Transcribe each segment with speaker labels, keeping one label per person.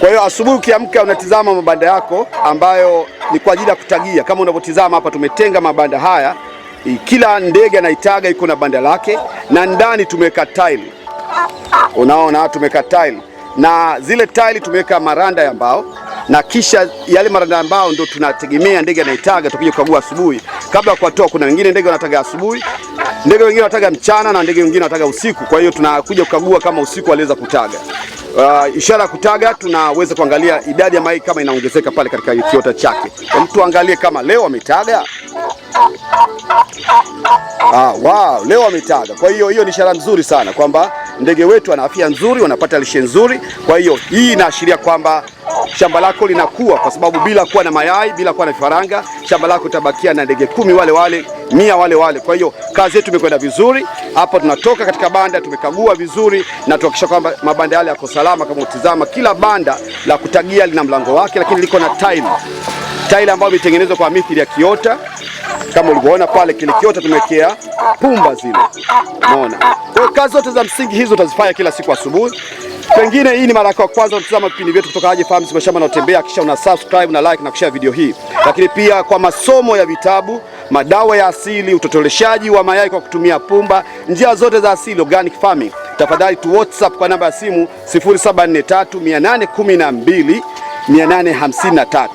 Speaker 1: Kwa hiyo asubuhi ukiamka unatizama mabanda yako ambayo ni kwa ajili ya kutagia. Kama unavyotizama hapa, tumetenga mabanda haya, kila ndege anaitaga iko na banda lake, na ndani tumeweka tile. Unaona, tumeweka tile na zile tile tumeweka maranda ya mbao, na kisha yale maranda ya mbao ndio tunategemea ndege anaitaga. Tukija kukagua asubuhi kabla ya kuwatoa, kuna wengine ndege wanataga asubuhi, ndege wengine wanataga mchana na ndege wengine wanataga usiku. Kwa hiyo tunakuja kukagua kama usiku aliweza kutaga uh, ishara ya kutaga, tunaweza kuangalia idadi ya mayai kama inaongezeka pale katika kiota chake. Tuangalie kama leo ametaga. Ah, wow, leo ametaga. Kwa hiyo hiyo ni ishara nzuri sana kwamba ndege wetu ana afya nzuri, wanapata lishe nzuri. Kwa hiyo hii inaashiria kwamba shamba lako linakuwa, kwa sababu bila kuwa na mayai, bila kuwa na vifaranga, shamba lako litabakia na ndege kumi wale wale, mia wale wale. Kwa hiyo kazi yetu imekwenda vizuri. Hapa tunatoka katika banda, tumekagua vizuri na tuhakikisha kwamba mabanda yale yako salama. Kama utizama, kila banda la kutagia lina mlango wake, lakini liko na tile tile ambayo imetengenezwa kwa mithili ya kiota kama ulivyoona pale, kile kiota tumewekea pumba zile, unaona. Kwa kazi zote za msingi hizo utazifanya kila siku asubuhi. Pengine hii ni mara yako ya kwanza unatazama vipindi vyetu kutoka Haji Farms Mashamba Yanayotembea, kisha una subscribe na like na kushare video hii. Lakini pia kwa masomo ya vitabu, madawa ya asili, utotoleshaji wa mayai kwa kutumia pumba, njia zote za asili, organic farming, tafadhali tu WhatsApp kwa namba ya simu 0743 812 853.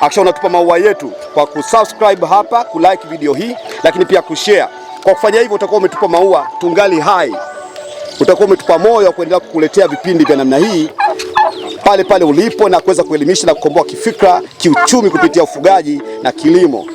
Speaker 1: Akisha unatupa maua yetu kwa kusubscribe hapa, kulike video hii, lakini pia kushare. Kwa kufanya hivyo utakuwa umetupa maua tungali hai utakuwa umetupa moyo wa kuendelea kukuletea vipindi vya namna hii pale pale ulipo na kuweza kuelimisha na kukomboa kifikra, kiuchumi kupitia ufugaji na kilimo.